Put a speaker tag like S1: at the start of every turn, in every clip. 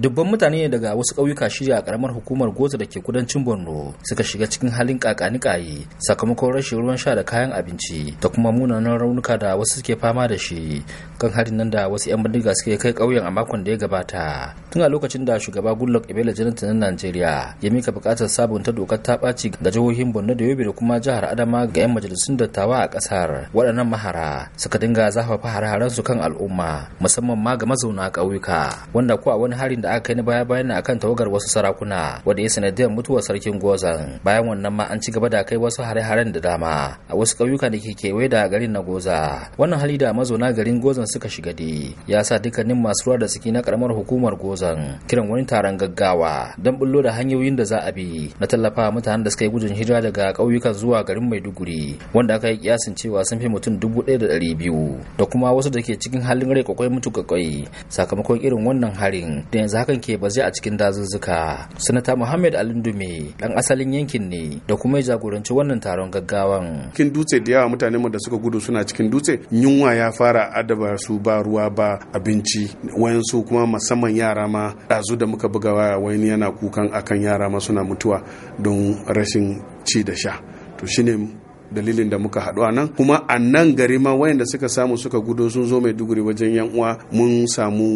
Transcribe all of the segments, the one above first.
S1: dubban mutane ne daga wasu ƙauyuka shirya a ƙaramar hukumar goza da ke kudancin borno suka shiga cikin halin kakanikayi sakamakon rashin ruwan sha da kayan abinci da kuma munanan raunuka da wasu suke fama da shi kan harin nan da wasu 'yan bindiga suke kai ƙauyen a makon da ya gabata tun a lokacin da shugaba gullok ibela jonathan na najeriya ya mika buƙatar sabunta dokar ta ɓaci ga jihohin borno da yobe da kuma jihar adama ga 'yan majalisun dattawa a ƙasar waɗannan mahara suka dinga zafafa hare-haren su kan al'umma musamman ma ga mazauna ƙauyuka wanda ko a wani harin da da aka kai baya bayan akan tawagar wasu sarakuna wanda ya sanadiyar mutuwar sarkin gozan bayan wannan ma an ci gaba da kai wasu hare-haren da dama a wasu ƙauyuka da ke kewaye da garin na goza wannan hali da mazauna garin gozan suka shiga dai ya sa dukkanin masu ruwa da suke na karamar hukumar gozan kiran wani taron gaggawa don bullo da hanyoyin da za a bi na tallafa mutanen da suka yi gudun hijira daga ƙauyukan zuwa garin maiduguri wanda aka yi kiyasin cewa sun fi mutum dubu ɗaya da ɗari biyu da kuma wasu da ke cikin halin rai kwakwai mutu kwakwai sakamakon irin wannan harin da yanzu hakan ke baze a cikin dazuzzuka sanata muhammad alindume dan asalin yankin ne da kuma ya jagoranci wannan taron gaggawan
S2: cikin dutse da yawa mutane da suka gudu suna cikin dutse yunwa ya fara adaba su ba ruwa ba abinci wayansu kuma musamman yara ma dazu da muka buga waya wani yana kukan akan yara ma suna mutuwa don rashin ci da sha to shine dalilin da muka haɗu a nan kuma a nan gari ma wayanda suka samu suka gudo sun zo mai duguri wajen yan uwa mun samu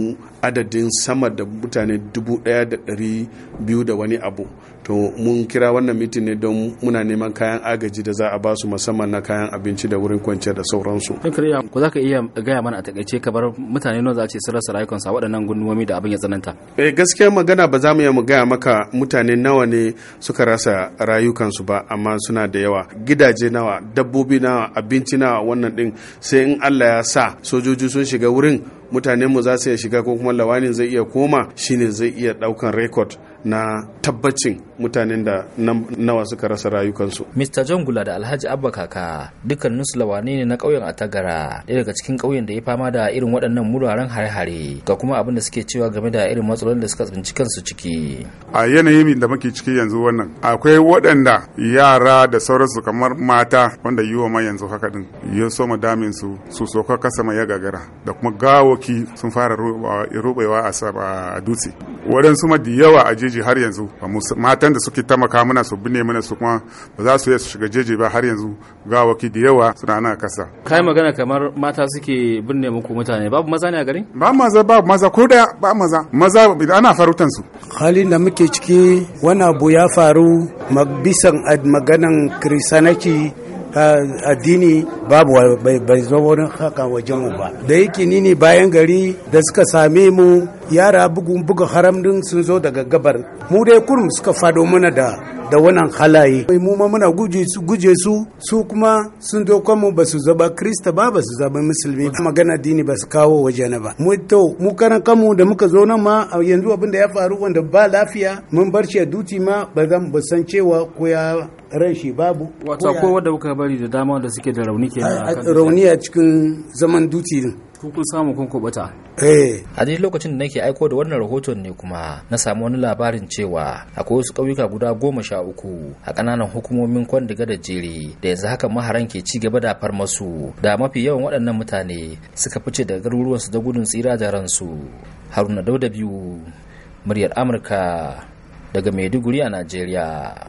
S2: adadin sama da mutane dubu ɗaya da ɗari biyu da wani abu to mun kira wannan mitin ne don muna neman kayan agaji da za a ba su musamman na kayan abinci da wurin kwanciya da sauransu.
S1: ko za ka iya gaya mana a takaice bar mutane nawa za a ce sun rasa rayukansu a waɗannan gundumomi da abin ya tsananta.
S2: eh gaskiya magana ba za mu iya mu gaya maka mutane nawa ne suka rasa rayukansu ba amma suna da yawa gidaje nawa nawa dabbobi nawa abinci nawa wannan din sai in allah ya sa sojoji sun shiga wurin mutanen mu za su iya shiga ko kuma lawanin zai iya koma shine zai iya daukan rekod na tabbacin mutanen da nawa suka rasa
S1: rayukansu. Mr. John Gula da Alhaji Abba Kaka dukkanin su lawane ne na ƙauyen Atagara ɗaya daga cikin ƙauyen da ya fama da irin waɗannan muraren hare-hare ga kuma abin da suke cewa game da irin matsalolin da suka tsinci kansu ciki.
S3: A yanayin da muke ciki yanzu wannan akwai waɗanda yara da sauransu kamar mata wanda yi wa ma yanzu haka din ya soma damin su su soka kasa mai ya gagara da kuma gawoki sun fara rubewa a dutse. Waɗansu ma da yawa a jeji jeji har yanzu matan da suke tamaka mana su binne mana su kuma ba za su iya su shiga jeji ba har yanzu ga waki da yawa suna ana kasa
S1: kai magana kamar mata suke binne muku mutane babu maza ne a garin ba
S3: maza ba maza ko da ba maza maza ana farutan su halin da muke ciki wani abu ya faru ad
S4: maganan kristanaki addini babu bai zo wurin haka wajen mu ba da yake ni ne bayan gari da suka same mu yara bugun buga haram din sun zo daga gabar mu dai kurum suka fado mana da da wannan halaye mu ma muna guje su su kuma sun doka mu basu zaba krista ba basu zaba musulmi ba magana dini basu kawo waje na ba mu to mu karan kanmu da muka zo nan ma yanzu abin da ya faru wanda ba lafiya mun bar shi a duti ma ba zan san cewa ko ya ran
S1: shi babu wato ko wanda kuka bari da dama wanda suke da rauni ke rauni a cikin zaman duti din ku kun samu kun kubuta eh. a dai lokacin da nake aiko da wannan rahoton ne kuma na samu wani labarin cewa akwai wasu ƙauyuka guda goma sha uku a ƙananan hukumomin kwandiga da jere da yanzu haka maharan ke ci gaba da farmasu da mafi yawan waɗannan mutane suka fice daga garuruwansu da gudun tsira da ransu haruna dauda biyu muryar amurka daga maiduguri a najeriya